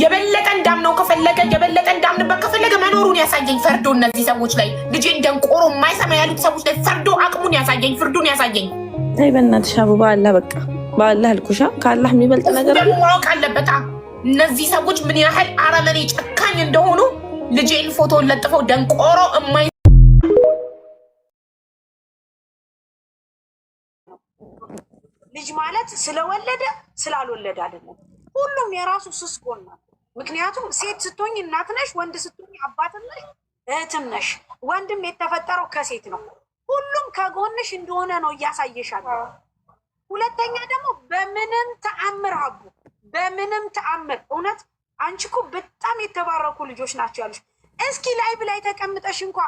የበለጠ እንዳምነው ከፈለገ የበለጠ እንዳምንበት ከፈለገ መኖሩን ያሳየኝ ፈርዶ እነዚህ ሰዎች ላይ ልጄን ደንቆሮ የማይሰማ ያሉት ሰዎች ላይ ፈርዶ አቅሙን ያሳየኝ ፍርዱን ያሳየኝ። አይ በእናትሽ አቡባ አላ በቃ በአላህ አልኩሻ ከአላህ የሚበልጥ ነገር ደግሞ ማወቅ አለበት። እነዚህ ሰዎች ምን ያህል አረመኔ ጨካኝ እንደሆኑ ልጄን ፎቶን ለጥፈው ደንቆሮ የማይ ልጅ ማለት ስለወለደ ስላልወለደ አይደለም። ሁሉም የራሱ ስስ ጎን ነው። ምክንያቱም ሴት ስትሆኝ እናት ነሽ፣ ወንድ ስትሆኝ አባትም ነሽ፣ እህትም ነሽ። ወንድም የተፈጠረው ከሴት ነው። ሁሉም ከጎንሽ እንደሆነ ነው እያሳየሻል። ሁለተኛ ደግሞ በምንም ተአምር አቡ በምንም ተአምር እውነት አንቺ እኮ በጣም የተባረኩ ልጆች ናቸው ያሉሽ። እስኪ ላይ ብላይ ተቀምጠሽ እንኳ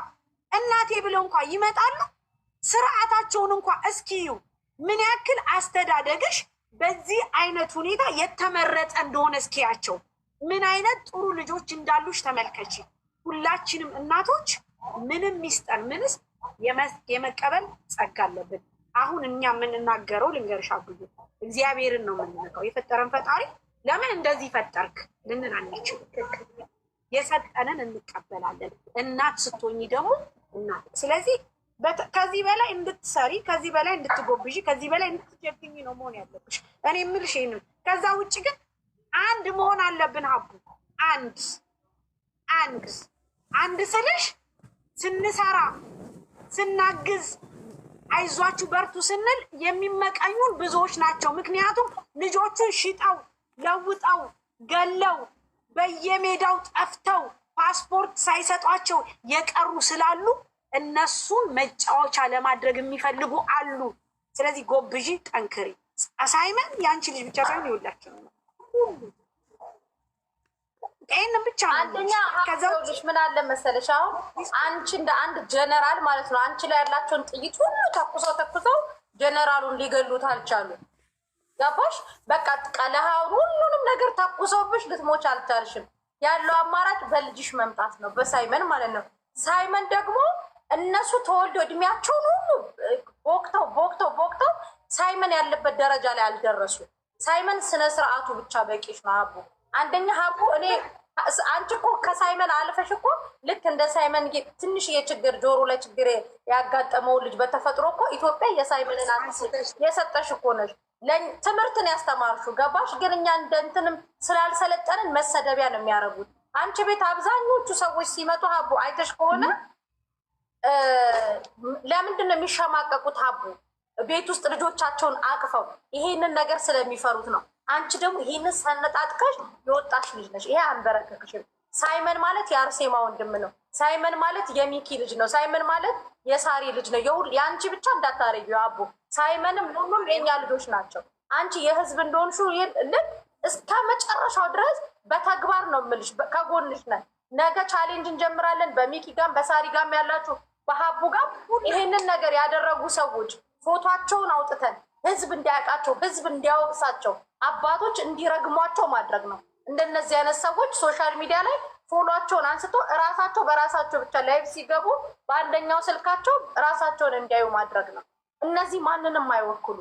እናቴ ብለው እንኳ ይመጣሉ። ስርዓታቸውን እንኳ እስኪዩ ምን ያክል አስተዳደግሽ በዚህ አይነት ሁኔታ የተመረጠ እንደሆነ እስኪያቸው ምን አይነት ጥሩ ልጆች እንዳሉሽ ተመልከች። ሁላችንም እናቶች ምንም ሚስጠን ምንስ የመቀበል ጸጋ አለብን። አሁን እኛ የምንናገረው ልንገርሻ ብዬ እግዚአብሔርን ነው የምንነካው። የፈጠረን ፈጣሪ ለምን እንደዚህ ፈጠርክ ልንን አንችል። የሰጠንን እንቀበላለን። እናት ስትሆኚ ደግሞ እናት ስለዚህ ከዚህ በላይ እንድትሰሪ፣ ከዚህ በላይ እንድትጎብዥ፣ ከዚህ በላይ እንድትጀብኝ ነው መሆን ያለብሽ። እኔ የምልሽ ይሄንን። ከዛ ውጭ ግን አንድ መሆን አለብን ሀቡ። አንድ አንድ አንድ ስልሽ ስንሰራ ስናግዝ አይዟችሁ በርቱ ስንል የሚመቀኙን ብዙዎች ናቸው። ምክንያቱም ልጆቹን ሽጠው ለውጠው ገለው በየሜዳው ጠፍተው ፓስፖርት ሳይሰጧቸው የቀሩ ስላሉ እነሱን መጫወቻ ለማድረግ የሚፈልጉ አሉ። ስለዚህ ጎብዢ፣ ጠንክሪ። አሳይመን የአንቺ ልጅ ብቻ ሳይሆን ይኸውላችሁ ሁሉ ይህንን ምን አለ መሰለሽ፣ አሁን አንቺ እንደ አንድ ጀነራል ማለት ነው አንቺ ላይ ያላቸውን ጥይት ሁሉ ተኩሰው ተኩሰው ጀነራሉን ሊገሉት አልቻሉ። ገባሽ? በቃ ቀለሃውን ሁሉንም ነገር ተኩሰውብሽ ልትሞች አልቻልሽም። ያለው አማራጭ በልጅሽ መምጣት ነው፣ በሳይመን ማለት ነው። ሳይመን ደግሞ እነሱ ተወልዶ እድሜያቸውን ሁሉ ቦክተው ቦክተው ቦክተው ሳይመን ያለበት ደረጃ ላይ አልደረሱ። ሳይመን ስነ ስርዓቱ ብቻ በቂሽ ነው። ሀቡ አንደኛ ሀቡ እኔ አንቺ እኮ ከሳይመን አልፈሽ እኮ ልክ እንደ ሳይመን ትንሽ የችግር ጆሮ ለችግር ያጋጠመው ያጋጠመውን ልጅ በተፈጥሮ እኮ ኢትዮጵያ የሳይመንን የሰጠሽ እኮ ነሽ። ትምህርትን ያስተማርሹ ገባሽ። ግን እኛ እንደ እንትንም ስላልሰለጠንን መሰደቢያ ነው የሚያደርጉት። አንቺ ቤት አብዛኞቹ ሰዎች ሲመጡ ሀቡ አይተሽ ከሆነ ለምንድን ነው የሚሸማቀቁት? አቡ ቤት ውስጥ ልጆቻቸውን አቅፈው ይሄንን ነገር ስለሚፈሩት ነው። አንቺ ደግሞ ይህንን ሰነጣጥቀሽ የወጣሽ ልጅ ነሽ። ይሄ አንበረከክሽም። ሳይመን ማለት የአርሴማ ወንድም ነው። ሳይመን ማለት የሚኪ ልጅ ነው። ሳይመን ማለት የሳሪ ልጅ ነው። የሁል የአንቺ ብቻ እንዳታረዩ አቡ። ሳይመንም ሁሉም የኛ ልጆች ናቸው። አንቺ የህዝብ እንደሆንሹ ልክ እስከ መጨረሻው ድረስ በተግባር ነው የምልሽ። ከጎንሽ ነን። ነገ ቻሌንጅ እንጀምራለን። በሚኪ ጋም በሳሪ ጋም ያላችሁ በሀቡ ጋር ይህንን ነገር ያደረጉ ሰዎች ፎቷቸውን አውጥተን ህዝብ እንዲያውቃቸው፣ ህዝብ እንዲያወቅሳቸው፣ አባቶች እንዲረግሟቸው ማድረግ ነው። እንደነዚህ አይነት ሰዎች ሶሻል ሚዲያ ላይ ፎሏቸውን አንስቶ እራሳቸው በራሳቸው ብቻ ላይቭ ሲገቡ በአንደኛው ስልካቸው እራሳቸውን እንዲያዩ ማድረግ ነው። እነዚህ ማንንም አይወክሉ።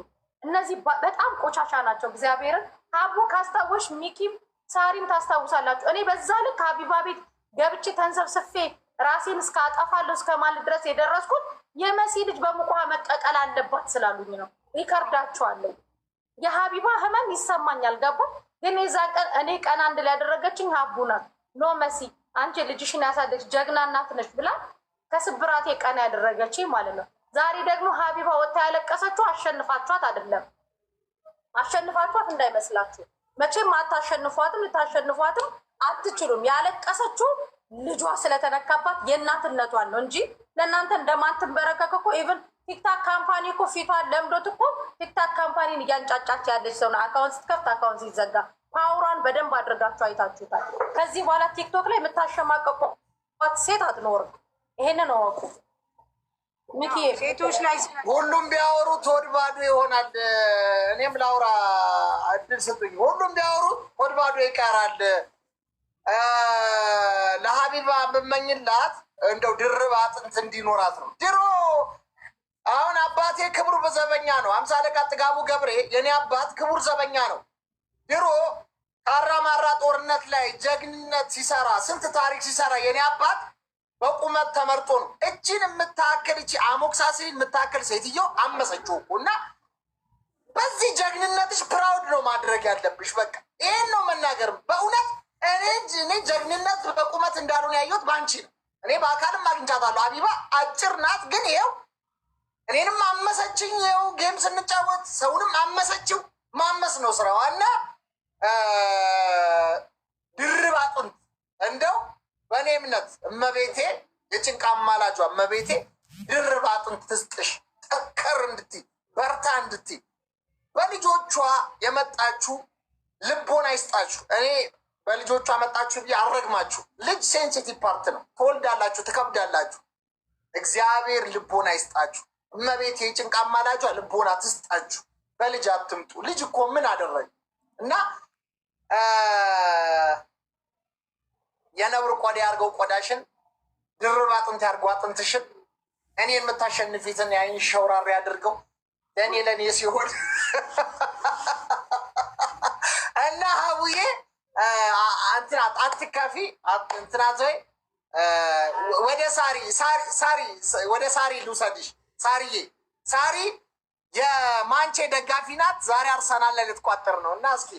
እነዚህ በጣም ቆሻሻ ናቸው። እግዚአብሔርን ሀቡ ካስታወሽ፣ ሚኪም ሳሪም ታስታውሳላችሁ። እኔ በዛ ልክ ሀቢባ ቤት ገብቼ ተንሰብስፌ ራሴን እስካጠፋለሁ እስከ ማለት ድረስ የደረስኩት የመሲ ልጅ በሙቋ መቀቀል አለባት ስላሉኝ ነው። ይከርዳችኋለሁ። የሀቢባ ህመም ይሰማኛል። ገባ ግን የዛ ቀን እኔ ቀን አንድ ላይ ያደረገችኝ ሀቡ ናት። ኖ መሲ አንቺ ልጅሽን ያሳደች ጀግና እናት ነች ብላ ከስብራቴ ቀን ያደረገችኝ ማለት ነው። ዛሬ ደግሞ ሀቢባ ወታ ያለቀሰችው አሸንፋችኋት አይደለም። አሸንፋችኋት እንዳይመስላችሁ መቼም አታሸንፏትም፣ ልታሸንፏትም አትችሉም። ያለቀሰችው ልጇ ስለተነካባት የእናትነቷን ነው እንጂ ለእናንተ እንደማትንበረከክ እኮ ኢቨን ቲክታክ ካምፓኒ እኮ ፊቷን ለምዶት እኮ ቲክታክ ካምፓኒን እያንጫጫች ያለች ሰው ነው። አካውንት ስትከፍት አካውንት ሲዘጋ ፓውሯን በደንብ አድርጋችሁ አይታችሁታል። ከዚህ በኋላ ቲክቶክ ላይ የምታሸማቀቁባት ሴት አትኖርም። ይሄንን አወቁ። ሴቶች ላይ ሁሉም ቢያወሩ ሆድ ባዶ ይሆናል። እኔም ላውራ እድል ስጡኝ። ሁሉም ቢያወሩ ሆድ ባዶ ይቀራል። ለሀቢባ ብመኝላት እንደው ድርብ አጥንት እንዲኖራት ነው። ድሮ አሁን አባቴ ክቡር ዘበኛ ነው። አምሳ አለቃ ጥጋቡ ገብሬ የኔ አባት ክቡር ዘበኛ ነው። ድሮ ማራ ጦርነት ላይ ጀግንነት ሲሰራ ስንት ታሪክ ሲሰራ የኔ አባት በቁመት ተመርጦ ነው። እችን የምታክል እቺ አሞክሳሴ የምታክል ሴትዮ አመሰችው እኮ እና በዚህ ጀግንነትሽ ፕራውድ ነው ማድረግ ያለብሽ። በቃ ይህን ነው መናገርም በእውነት እኔ እንጂ እኔ ጀግንነት በቁመት እንዳሉን ያየሁት በአንቺ ነው። እኔ በአካልም አግኝቻታለሁ። አቢባ አጭር ናት፣ ግን ይኸው እኔንም አመሰችኝ። ይኸው ጌም ስንጫወት ሰውንም አመሰችው። ማመስ ነው ስራዋ እና ድርብ አጥንት እንደው በእኔ እምነት እመቤቴ የጭንቃ አማላጇ እመቤቴ ድርብ አጥንት ትስጥሽ፣ ጠከር እንድት በርታ እንድትይ በልጆቿ የመጣችሁ ልቦን አይስጣችሁ እኔ በልጆቹ አመጣችሁ ብዬ አልረግማችሁ። ልጅ ሴንሲቲቭ ፓርት ነው። ትወልዳላችሁ፣ ትከብዳላችሁ። እግዚአብሔር ልቦና ይስጣችሁ። እመቤት የጭንቃ ማላጇ ልቦና ትስጣችሁ። በልጅ አትምጡ። ልጅ እኮ ምን አደረገ እና የነብር ቆዳ ያርገው ቆዳሽን፣ ድርብ አጥንት ያርገው አጥንትሽን፣ እኔ የምታሸንፊትን የአይን ሸውራሪ አድርገው ለእኔ ለእኔ ሲሆን እና ሀቡዬ አትካፊ እንትና ዞይ ወደ ሳሪ ሳሪ ወደ ሳሪ ልውሰድሽ። ሳሪዬ ሳሪ የማንቼ ደጋፊ ናት። ዛሬ አርሰናል ላይ ልትቋጠር ነው እና እስኪ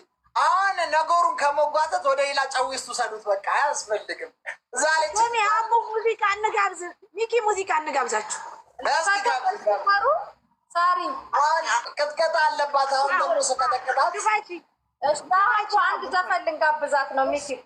አሁን ነገሩን ከመጓዘት ወደ ሌላ ጨዊስት ውሰዱት። በቃ አያስፈልግም። እዛ ላይ አቦ ሙዚቃ እንጋብዝ፣ ሚኪ ሙዚቃ እንጋብዛችሁ። ሳሪ ቅጥቀጣ አለባት። አሁን ደግሞ ስቀጠቅጣት አንድ ዘፈን ልንጋብዛት ነው ሚኪ